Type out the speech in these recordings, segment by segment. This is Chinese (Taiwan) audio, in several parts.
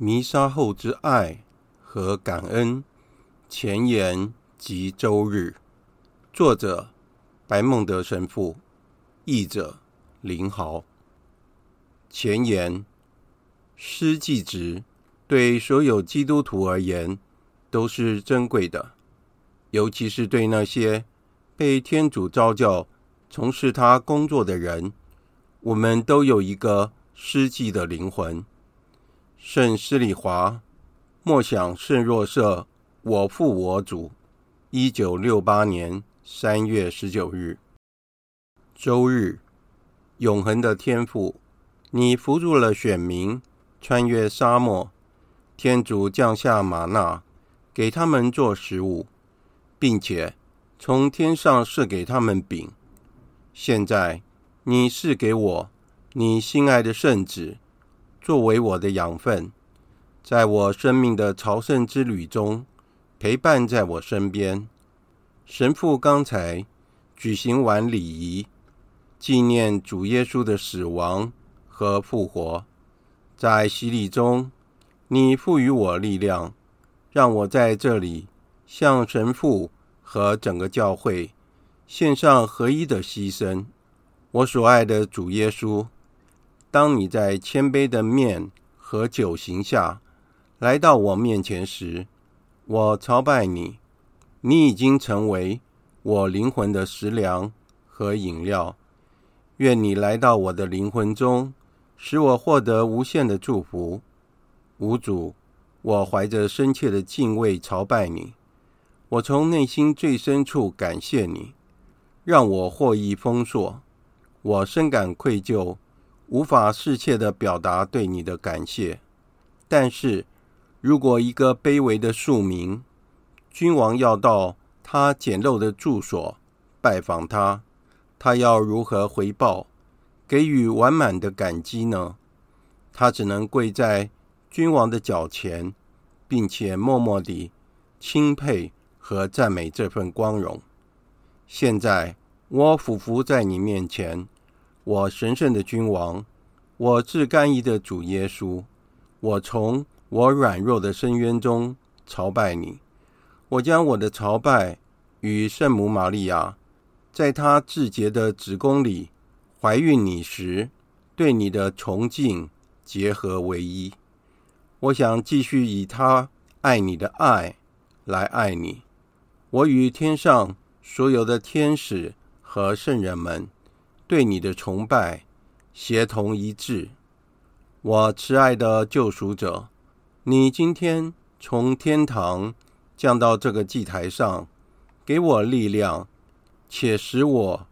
彌撒後之愛和感恩，前言及周日，作者白孟德神父，譯者林豪。前言：司祭職，對所有基督徒而言都是珍貴的，尤其是對那些被天主召叫從事他工作的人，我們都有一個司祭的靈魂。聖施禮華，默想聖若瑟，我父我主。一九六八年三月十九日，周日，永恆的天父，你扶助了選民，穿越沙漠，天主降下瑪納，給他們做食物，並且從天上賜給他們餅。現在，你賜給我，你心愛的聖子。作為我的養分，在我生命的朝聖之旅中，陪伴在我身邊。神父剛才舉行完禮儀，紀念主耶穌的死亡和復活。在洗禮中，你賦予我力量，讓我在這裡向神父和整個教會獻上合一的犧牲。我所愛的主耶穌。當你在謙卑的麵和酒形下來到我面前時，我朝拜你。你已經成為我靈魂的食糧和飲料。願你來到我的靈魂中，使我獲得無限的祝福。吾主，我懷着深切的敬畏朝拜你。我從內心最深處感謝你，讓我獲益豐碩。我深感愧疚。無法適切地表達對你的感謝。但是，如果一個卑微的庶民，君王要到他簡陋的住所拜訪他，他要如何回報，給予完滿的感激呢？他只能跪在君王的腳前，並且默默地欽佩和讚美這份光榮。現在我俯伏在你面前。我神聖的君王，我至甘飴的主耶穌，我從我軟弱的深淵中朝拜你。我將我的朝拜與聖母瑪利亞，在她至潔的子宮裡懷孕你時，對你的崇敬結合為一。我想繼續以她愛你的愛來愛你。我與天上所有的天使和聖人們。對你的崇拜，協同一致。我慈愛的救贖者，你今天從天堂降到這個祭台上，給我力量，且使我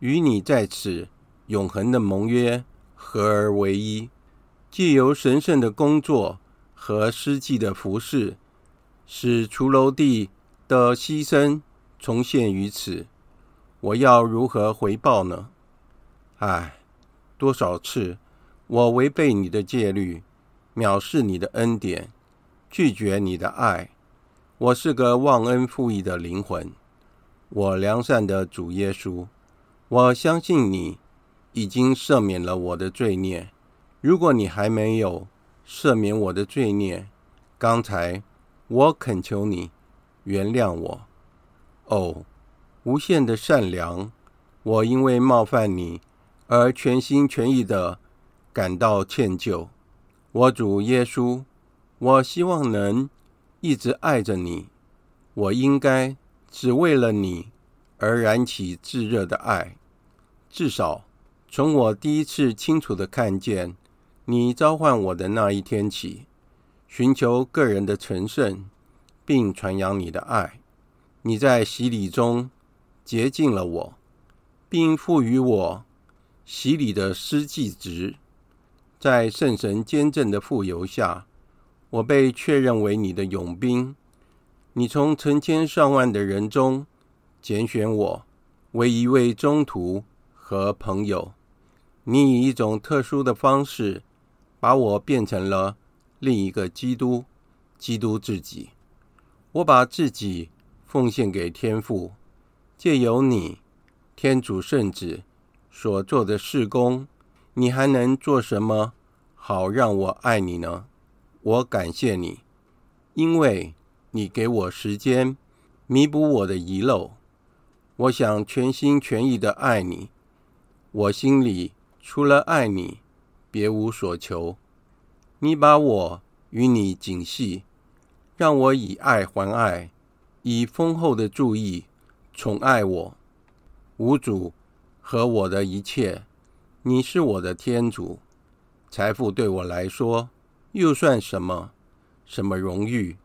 與你在此永恆的盟約合而為一。藉由聖神的工作和司祭的服事，使髑髏地的犧牲重現於此。我要如何回報呢？唉，多少次，我違背你的戒律，藐視你的恩典，拒絕你的愛，我是個忘恩負義的靈魂。我良善的主耶穌，我相信你已經赦免了我的罪孽。如果你還沒有赦免我的罪孽，剛才我懇求你原諒我。哦，無限的善良，我因為冒犯你。而全心全意地感到歉疚，我主耶穌，我希望能一直愛着你。我應該只為了你而燃起炙熱的愛。至少從我第一次清楚地看見你召喚我的那一天起，尋求個人的成聖，並傳揚你的愛。你在洗禮中潔淨了我，並賦予我。洗禮的司祭職，在聖神堅振的傅油下，我被確認為你的勇兵。你從成千上萬的人中揀選我為一位宗徒和朋友。你以一種特殊的方式把我變成了另一個基督，基督自己。我把自己奉獻給天父，借由你，天主聖子。所做的事工，你還能做什麼好讓我愛你呢？我感謝你，因為你給我時間彌補我的遺漏。我想全心全意的愛你，我心裡除了愛你，別無所求。你把我與你緊繫，讓我以愛還愛，以豐厚的助益寵愛我。吾主。和我的一切，你是我的天主，財富對我來說又算什麼？什麼榮譽，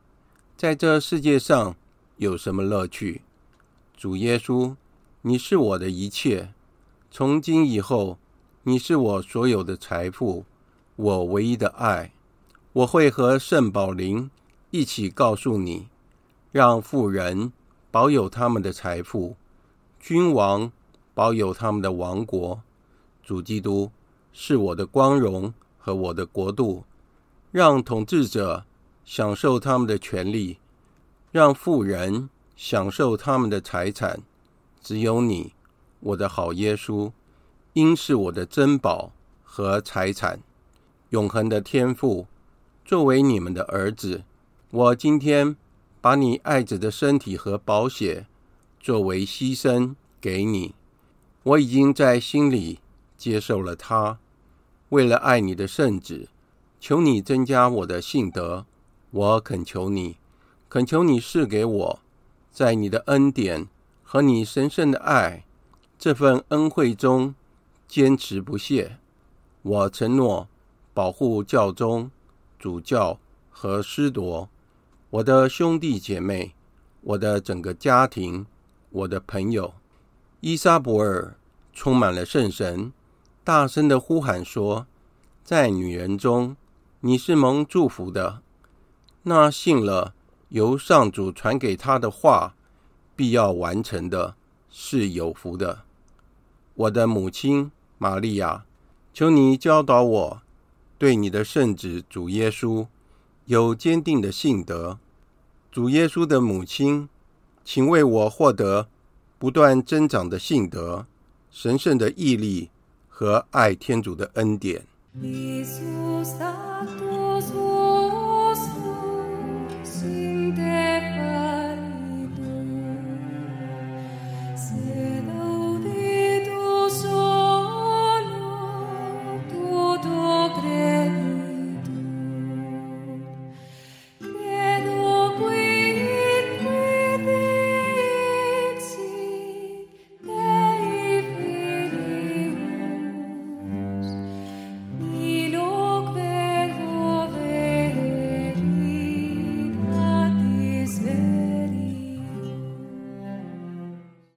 在這世界上有什麼樂趣？主耶穌，你是我的一切，從今以後，你是我所有的財富，我唯一的愛。我會和聖保林一起告訴你，讓富人保有他們的財富，君王。保有他們的王國，主基督是我的光榮和我的國度。讓統治者享受他們的權力，讓富人享受他們的財產。只有你，我的好耶穌，應是我的珍寶和財產。永恆的天父，作為你們的兒子，我今天把你愛子的身體和寶血作為犧牲給你。我已經在心裡接受了他。為了愛你的聖子，求你增加我的信德。我懇求你，懇求你賜給我，在你的恩典和你神聖的愛這份恩惠中堅持不懈。我承諾保護教宗、主教和司鐸，我的兄弟姐妹，我的整個家庭，我的朋友。依撒伯爾充滿了聖神，大聲地呼喊說：“在女人中，你是蒙祝福的。那信了由上主傳給她的話，必要完成的，是有福的。我的母親瑪利亞，求你教導我對你的聖子主耶穌有堅定的信德。主耶穌的母親，請為我獲得。”不斷增長的信德、神聖的毅力和愛天主的恩典。